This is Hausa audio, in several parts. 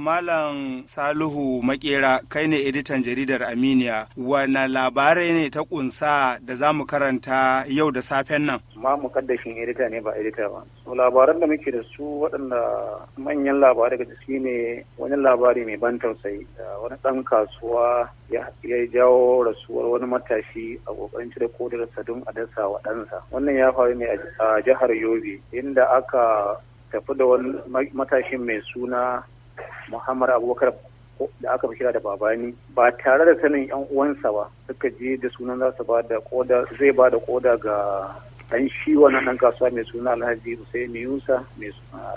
Malam Salihu Makera kai ne editan jaridar Aminiya. Wane labarai ne ta kunsa da za mu karanta yau da safen nan? Ma mukaddashin edita ne ba edita ba. So labaran da muke da su waɗanda manyan labarai ga ciki ne wani labari mai ban tausayi da wani ɗan kasuwa ya jawo rasuwar wani matashi a ƙoƙarin cire kodarsa don a dasa wa ɗansa. Wannan ya faru ne a jihar Yobe inda aka tafi da wani matashin mai suna muhammad abubakar da aka fi kira da babani ba tare da sanin yan uwansa ba suka je da sunan za su ba da koda zai ba da koda ga dan shi wannan dan kasuwa mai suna alhaji hussein yusa mai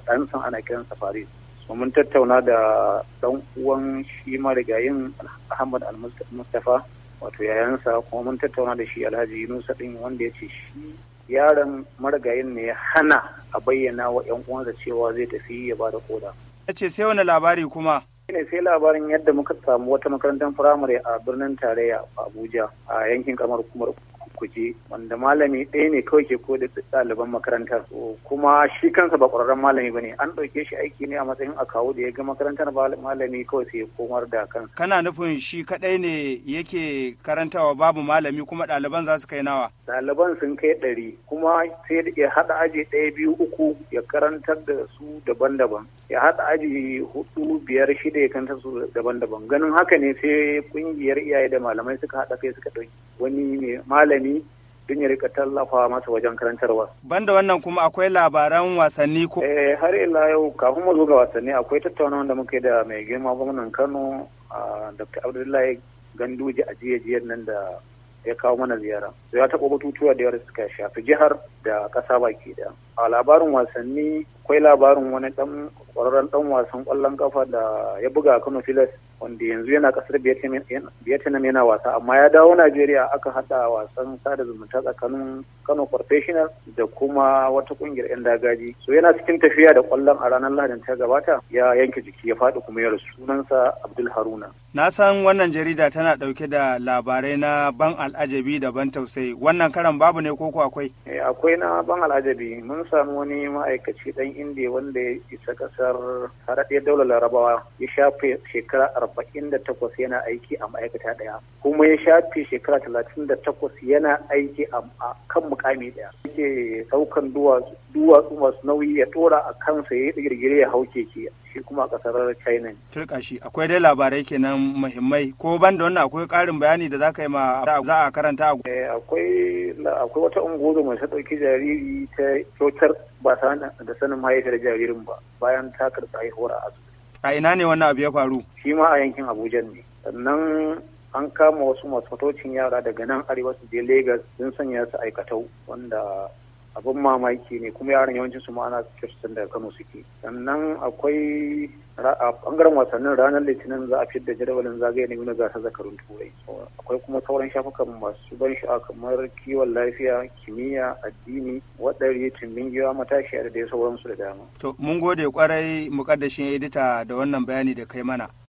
san ana kiransa faris mun tattauna da dan uwan shi marigayin ahmad al-mustafa wato yayansa kuma mun tattauna da shi alhaji yunusa din wanda ya ce shi yaron marigayin ne ya hana a bayyana wa yan uwansa cewa zai tafi ya ba da koda Ya ce sai wani labari kuma. ne sai labarin yadda muka samu wata makarantar firamare a birnin tarayya abuja a yankin kamar kumar kuje wanda malami ɗaya ne kawai ke koyar da ɗaliban makarantar kuma shi kansa ba ƙwararren malami ba ne an ɗauke shi aiki ne a matsayin a kawo da ya ga makarantar malami kawai sai ya komar da kansa. kana nufin shi kaɗai ne yake karantawa babu malami kuma ɗaliban za su kai nawa. ɗaliban sun kai ɗari kuma sai ya haɗa aji ɗaya biyu uku ya karantar da su daban-daban ya haɗa aji hudu biyar shida ya karantar su daban-daban ganin haka ne sai ƙungiyar iyaye da malamai suka haɗa kai suka ɗauki wani malami don ya rika tallafa masa wajen karantarwa. Banda wannan kuma akwai labaran wasanni ko? Eh har ila yau kafin mu zo ga wasanni akwai tattaunawa da muka yi da mai girma gwamnan Kano Dr. Abdullahi Ganduje a jiya nan da ya kawo mana ziyara. Sai ya taɓa batutuwa da yawar suka shafi jihar da ƙasa baki da. A labarin wasanni akwai labarin wani ɗan kwararren dan wasan kwallon kafa da ya buga Kano Filas wanda yanzu yana kasar Vietnam yana wasa amma ya dawo Najeriya aka hada wasan sada zumunta tsakanin Kano Professional da kuma wata kungiyar yan dagaji so yana cikin tafiya da kwallon a ranar Lahadin ta gabata ya yanke jiki ya faɗi kuma ya sunansa Abdul Haruna na san wannan jarida tana dauke da labarai na ban al'ajabi da ban tausayi wannan karan babu ne koko akwai eh, akwai na ban al'ajabi mun sami wani ma'aikaci dan indiya wanda ya isa kasa ƙasar haɗaɗɗiyar daular larabawa ya shafe shekara arba'in da takwas yana aiki a ma'aikata ɗaya kuma ya shafe shekara talatin da takwas yana aiki a kan mukami ɗaya yake ɗaukan duwatsu masu nauyi ya ɗora a kansa ya yi ya hau keke shi kuma a kasar china turka shi akwai dai labarai kenan muhimmai ko ban da wannan akwai karin bayani da za ka yi ma za a karanta eh, akwai akwai wata unguwar mai ta jariri ta kyautar ba da sanin mahaifiyar jaririn ba bayan ta karɓa haihuwar a asibiti a ina ne wannan abu ya faru shi ma a yankin abuja ne sannan an kama wasu masu yara daga nan arewa su je Legas sun sanya su aikatau wanda abin mamaki ne kuma yaran yawancin su ma ana kirtan daga kano suke sannan akwai a bangaren wasannin ranar litinin za a fitar da jadawalin zagaye na nuna gasar zakarun turai akwai kuma sauran shafukan masu ban sha'a kamar kiwon lafiya kimiyya addini waɗanda waɗari giwa matashiya da dai sauransu da dama. to mun gode kwarai mukaddashin edita da wannan bayani da kai mana.